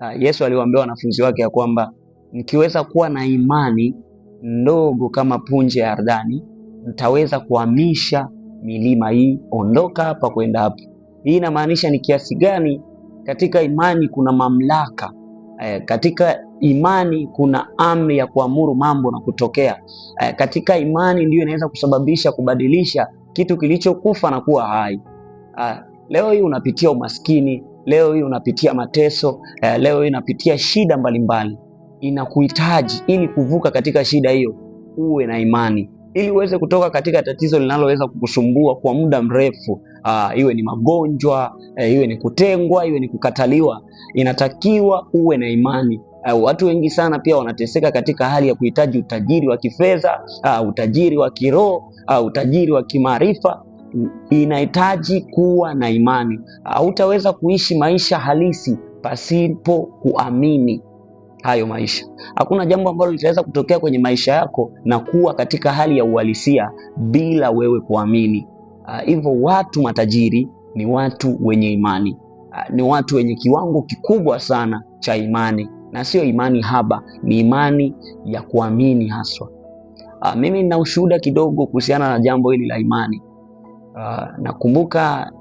Ah, Yesu aliwaambia wanafunzi wake ya kwamba mkiweza kuwa na imani ndogo kama punje ya ardani, mtaweza kuhamisha milima hii, ondoka hapa kwenda hapo. Hii inamaanisha ni kiasi gani katika imani kuna mamlaka eh, katika imani kuna amri ya kuamuru mambo na kutokea. Eh, katika imani ndiyo inaweza kusababisha kubadilisha kitu kilichokufa na kuwa hai. Uh, leo hii unapitia umaskini leo hii unapitia mateso eh, leo hii unapitia shida mbalimbali, inakuhitaji ili kuvuka katika shida hiyo uwe na imani ili uweze kutoka katika tatizo linaloweza kukusumbua kwa muda mrefu. uh, iwe ni magonjwa e, iwe ni kutengwa, iwe ni kukataliwa, inatakiwa uwe na imani. Uh, watu wengi sana pia wanateseka katika hali ya kuhitaji utajiri wa kifedha, uh, utajiri wa kiroho, uh, utajiri wa kimaarifa, inahitaji kuwa na imani. Hautaweza kuishi maisha halisi pasipo kuamini hayo maisha. Hakuna jambo ambalo litaweza kutokea kwenye maisha yako na kuwa katika hali ya uhalisia bila wewe kuamini. Ah, hivyo uh, watu matajiri ni watu wenye imani uh, ni watu wenye kiwango kikubwa sana cha imani, na sio imani haba, ni imani ya kuamini haswa. Uh, mimi nina ushuhuda kidogo kuhusiana na jambo hili la imani. Uh, nakumbuka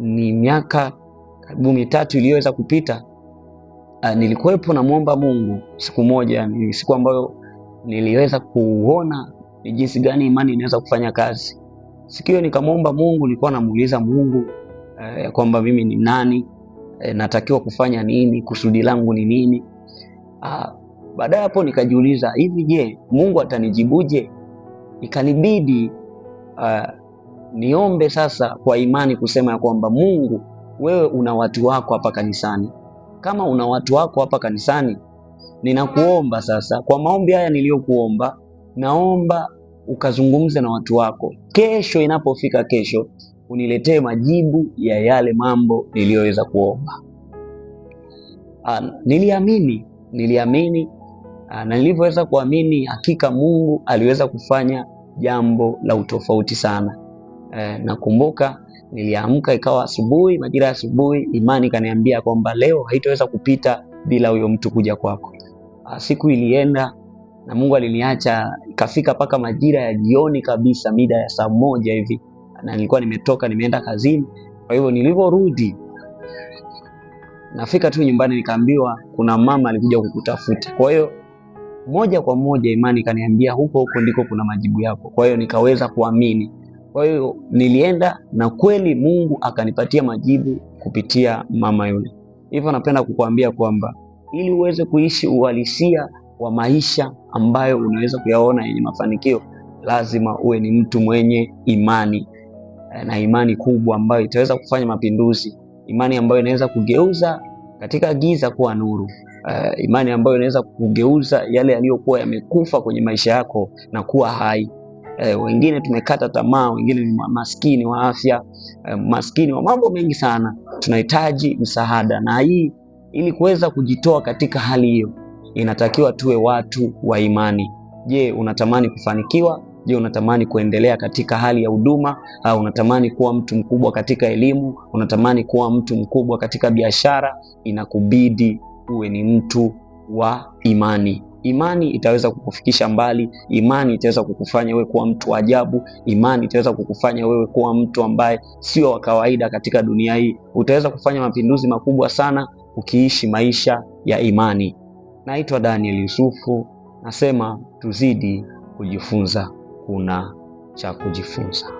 ni miaka karibu mitatu iliyoweza kupita, uh, nilikuwepo namwomba Mungu siku moja, ni siku ambayo niliweza kuona ni jinsi gani imani inaweza kufanya kazi. Siku hiyo nikamwomba Mungu, nilikuwa namuuliza Mungu uh, kwamba mimi ni nani uh, natakiwa kufanya nini, kusudi langu ni nini? Ah, baadaye hapo nikajiuliza hivi, je, Mungu atanijibuje? Ikanibidi uh, niombe sasa kwa imani kusema ya kwamba Mungu, wewe una watu wako hapa kanisani. Kama una watu wako hapa kanisani, ninakuomba sasa kwa maombi haya niliyokuomba, naomba ukazungumze na watu wako. Kesho inapofika kesho, uniletee majibu ya yale mambo niliyoweza kuomba. Ah, niliamini, niliamini ah, na nilivyoweza kuamini, hakika Mungu aliweza kufanya jambo la utofauti sana eh, nakumbuka niliamka ikawa asubuhi, majira ya asubuhi, imani kaniambia kwamba leo haitoweza kupita bila huyo mtu kuja kwako. Ah, siku ilienda na Mungu aliniacha, ikafika mpaka majira ya jioni kabisa, mida ya saa moja hivi, na nilikuwa nimetoka nimeenda kazini. Kwa hivyo nilivyorudi, nafika tu nyumbani, nikaambiwa kuna mama alikuja kukutafuta. Kwa hiyo moja kwa moja imani kaniambia, huko huko ndiko kuna majibu yako. Kwa hiyo nikaweza kuamini kwa hiyo nilienda na kweli Mungu akanipatia majibu kupitia mama yule. Hivyo napenda kukuambia kwamba ili uweze kuishi uhalisia wa maisha ambayo unaweza kuyaona yenye mafanikio, lazima uwe ni mtu mwenye imani eh, na imani kubwa ambayo itaweza kufanya mapinduzi, imani ambayo inaweza kugeuza katika giza kuwa nuru. Uh, imani ambayo inaweza kugeuza yale yaliyokuwa yamekufa kwenye maisha yako na kuwa hai e, wengine tumekata tamaa, wengine ni maskini wa afya e, maskini wa mambo mengi sana. Tunahitaji msaada, na hii ili kuweza kujitoa katika hali hiyo inatakiwa tuwe watu wa imani. Je, unatamani kufanikiwa? Je, unatamani kuendelea katika hali ya huduma? Au ah, unatamani kuwa mtu mkubwa katika elimu? Unatamani kuwa mtu mkubwa katika biashara? Inakubidi uwe ni mtu wa imani. Imani itaweza kukufikisha mbali, imani itaweza kukufanya wewe kuwa mtu ajabu, imani itaweza kukufanya wewe kuwa mtu ambaye sio wa kawaida katika dunia hii. Utaweza kufanya mapinduzi makubwa sana ukiishi maisha ya imani. Naitwa Daniel Yusufu, nasema tuzidi kujifunza, kuna cha kujifunza.